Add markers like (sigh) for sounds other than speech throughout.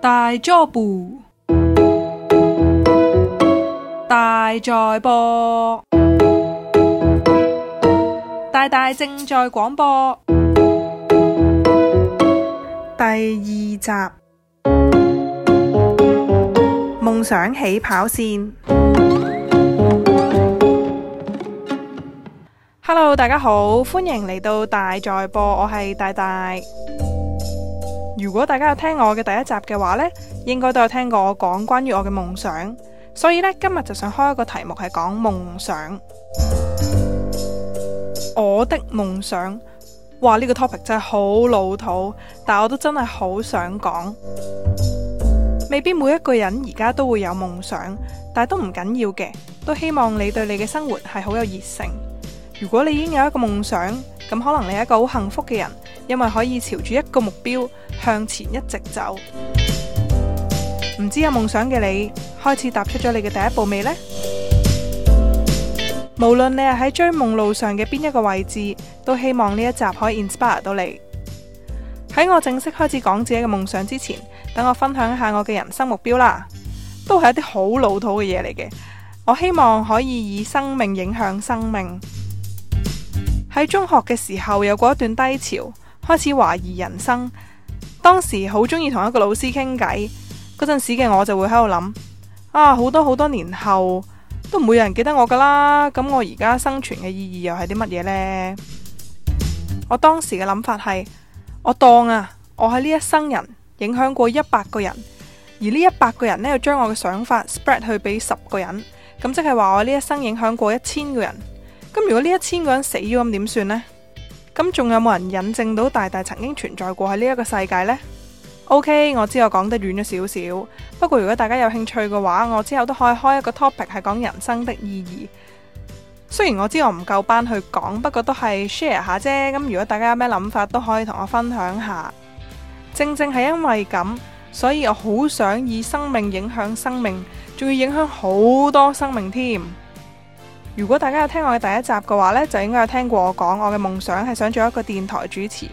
大作步，大在播，大大正在廣播第二集《夢想起跑線》。Hello，大家好，歡迎嚟到大在播，我係大大。如果大家有聽我嘅第一集嘅話呢，應該都有聽過我講關於我嘅夢想，所以呢，今日就想開一個題目係講夢想。 (music) 我的夢想，哇呢個 topic 真係好老土，但我都真係好想講。未必每一個人而家都會有夢想，但係都唔緊要嘅，都希望你對你嘅生活係好有熱誠。如果你已經有一個夢想，咁可能你係一個好幸福嘅人。因為可以朝住一個目標向前一直走。唔知有夢想嘅你開始踏出咗你嘅第一步未呢？ (noise) 無論你係喺追夢路上嘅邊一個位置，都希望呢一集可以 inspire 到你。喺我正式開始講自己嘅夢想之前，等我分享一下我嘅人生目標啦。都係一啲好老土嘅嘢嚟嘅。我希望可以以生命影響生命。喺中學嘅時候，有過一段低潮。開始懷疑人生，當時好中意同一個老師傾偈。嗰陣時嘅我就會喺度諗，啊，好多好多年後都唔會有人記得我噶啦，咁我而家生存嘅意義又係啲乜嘢呢？我當時嘅諗法係，我當啊，我喺呢一生人影響過一百個人，而呢一百個人呢又將我嘅想法 spread 去俾十個人，咁即係話我呢一生影響過一千個人。咁如果呢一千個人死咗，咁點算呢？咁仲有冇人引證到大大曾經存在過喺呢一個世界呢？OK，我知我講得遠咗少少，不過如果大家有興趣嘅話，我之後都可以開一個 topic 係講人生的意義。雖然我知我唔夠班去講，不過都係 share 下啫。咁如果大家有咩諗法，都可以同我分享下。正正係因為咁，所以我好想以生命影響生命，仲要影響好多生命添。如果大家有聽我嘅第一集嘅話呢，就應該有聽過我講我嘅夢想係想做一個電台主持。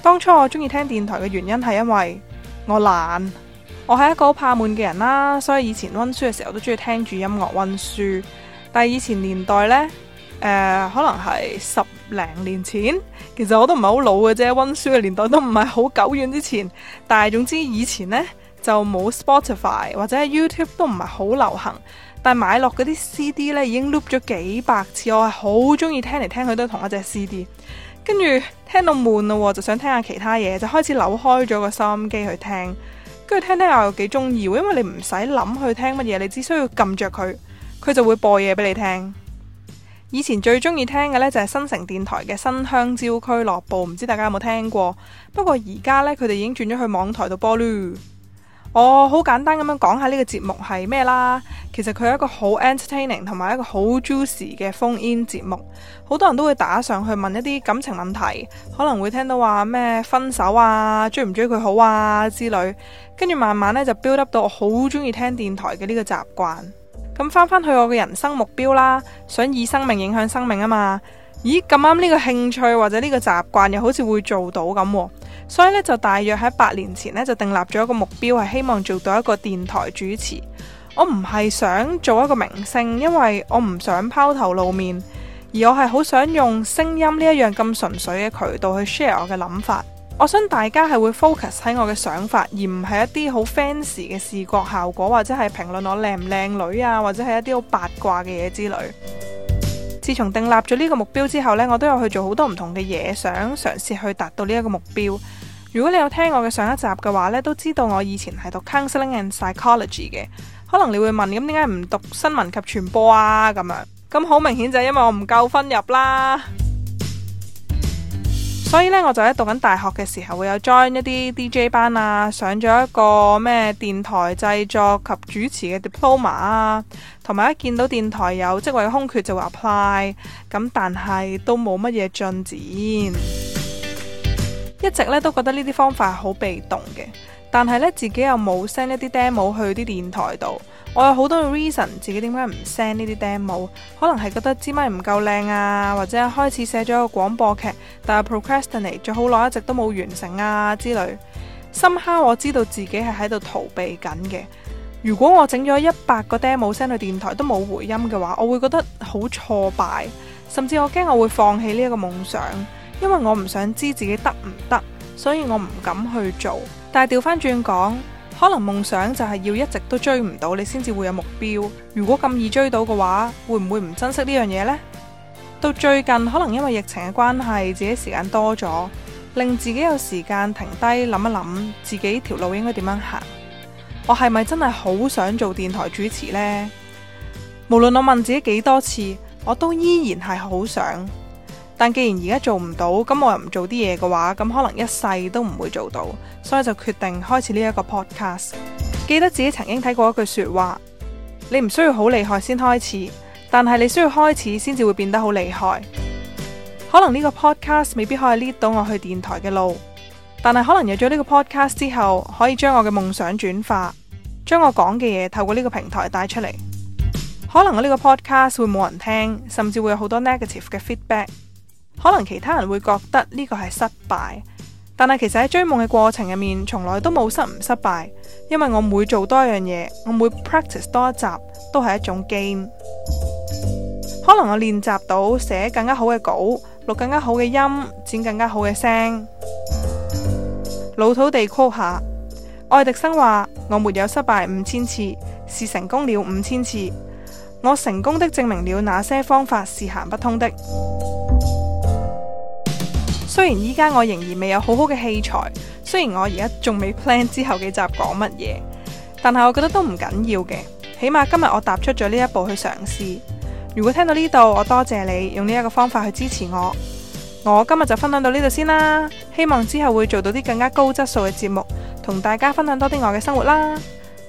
當初我中意聽電台嘅原因係因為我懶，我係一個好怕悶嘅人啦，所以以前溫書嘅時候都中意聽住音樂溫書。但係以前年代呢，誒、呃，可能係十零年前，其實我都唔係好老嘅啫。溫書嘅年代都唔係好久遠之前，但係總之以前呢。就冇 Spotify 或者係 YouTube 都唔係好流行，但係買落嗰啲 CD 呢已經 loop 咗幾百次。我係好中意聽嚟聽去都同一隻 CD，跟住聽到悶啦，就想聽下其他嘢，就開始扭開咗個收音機去聽。跟住聽聽下又幾中意，因為你唔使諗去聽乜嘢，你只需要撳着佢，佢就會播嘢俾你聽。以前最中意聽嘅呢，就係新城電台嘅新香蕉俱樂部，唔知大家有冇聽過？不過而家呢，佢哋已經轉咗去網台度播啦。我好、oh，簡單咁樣講下呢個節目係咩啦，其實佢係一個好 entertaining 同埋一個好 juicy 嘅 phone-in 節目，好多人都會打上去問一啲感情問題，可能會聽到話咩分手啊，追唔追佢好啊之類，跟住慢慢咧就 build up 到我好中意聽電台嘅呢個習慣。咁翻返去我嘅人生目標啦，想以生命影響生命啊嘛。咦，咁啱呢個興趣或者呢個習慣又好似會做到咁，所以咧就大約喺八年前呢，就訂立咗一個目標，係希望做到一個電台主持。我唔係想做一個明星，因為我唔想拋頭露面，而我係好想用聲音呢一樣咁純粹嘅渠道去 share 我嘅諗法。我想大家係會 focus 喺我嘅想法，而唔係一啲好 fancy 嘅視覺效果，或者係評論我靚唔靚女啊，或者係一啲好八卦嘅嘢之類。自從訂立咗呢個目標之後呢，我都有去做好多唔同嘅嘢，想嘗試去達到呢一個目標。如果你有聽我嘅上一集嘅話呢，都知道我以前係讀 Counseling and Psychology 嘅。可能你會問，咁點解唔讀新聞及傳播啊？咁樣，咁好明顯就係因為我唔夠分入啦。所以咧，我就喺讀緊大學嘅時候會有 join 一啲 DJ 班啊，上咗一個咩電台製作及主持嘅 diploma 啊，同埋一見到電台有職位空缺就話 apply，咁但係都冇乜嘢進展，一直咧都覺得呢啲方法係好被動嘅，但係咧自己又冇 send 一啲 demo 去啲電台度。我有好多嘅 reason 自己點解唔 send 呢啲 demo，可能係覺得支咪唔夠靚啊，或者開始寫咗個廣播劇，但係 procrastinate 咗好耐一直都冇完成啊之類。深刻我知道自己係喺度逃避緊嘅。如果我整咗一百個 demo send 去電台都冇回音嘅話，我會覺得好挫敗，甚至我驚我會放棄呢一個夢想，因為我唔想知自己得唔得，所以我唔敢去做。但係掉返轉講。可能夢想就係要一直都追唔到，你先至會有目標。如果咁易追到嘅話，會唔會唔珍惜呢樣嘢呢？到最近可能因為疫情嘅關係，自己時間多咗，令自己有時間停低諗一諗，自己條路應該點樣行？我係咪真係好想做電台主持呢？無論我問自己幾多次，我都依然係好想。但既然而家做唔到，咁我又唔做啲嘢嘅話，咁可能一世都唔會做到。所以就決定開始呢一個 podcast。記得自己曾經睇過一句說話，你唔需要好厲害先開始，但係你需要開始先至會變得好厲害。可能呢個 podcast 未必可以 lead 到我去電台嘅路，但係可能有咗呢個 podcast 之後，可以將我嘅夢想轉化，將我講嘅嘢透過呢個平台帶出嚟。可能我呢個 podcast 會冇人聽，甚至會有好多 negative 嘅 feedback。可能其他人會覺得呢個係失敗，但係其實喺追夢嘅過程入面，從來都冇失唔失敗，因為我每做多一樣嘢，我每 practice 多一集，都係一種 game。可能我練習到寫更加好嘅稿，錄更加好嘅音，剪更加好嘅聲。老土地 call 下，愛迪生話：我沒有失敗五千次，是成功了五千次。我成功的證明了那些方法是行不通的。雖然依家我仍然未有好好嘅器材，雖然我而家仲未 plan 之後幾集講乜嘢，但係我覺得都唔緊要嘅，起碼今日我踏出咗呢一步去嘗試。如果聽到呢度，我多謝你用呢一個方法去支持我。我今日就分享到呢度先啦，希望之後會做到啲更加高質素嘅節目，同大家分享多啲我嘅生活啦。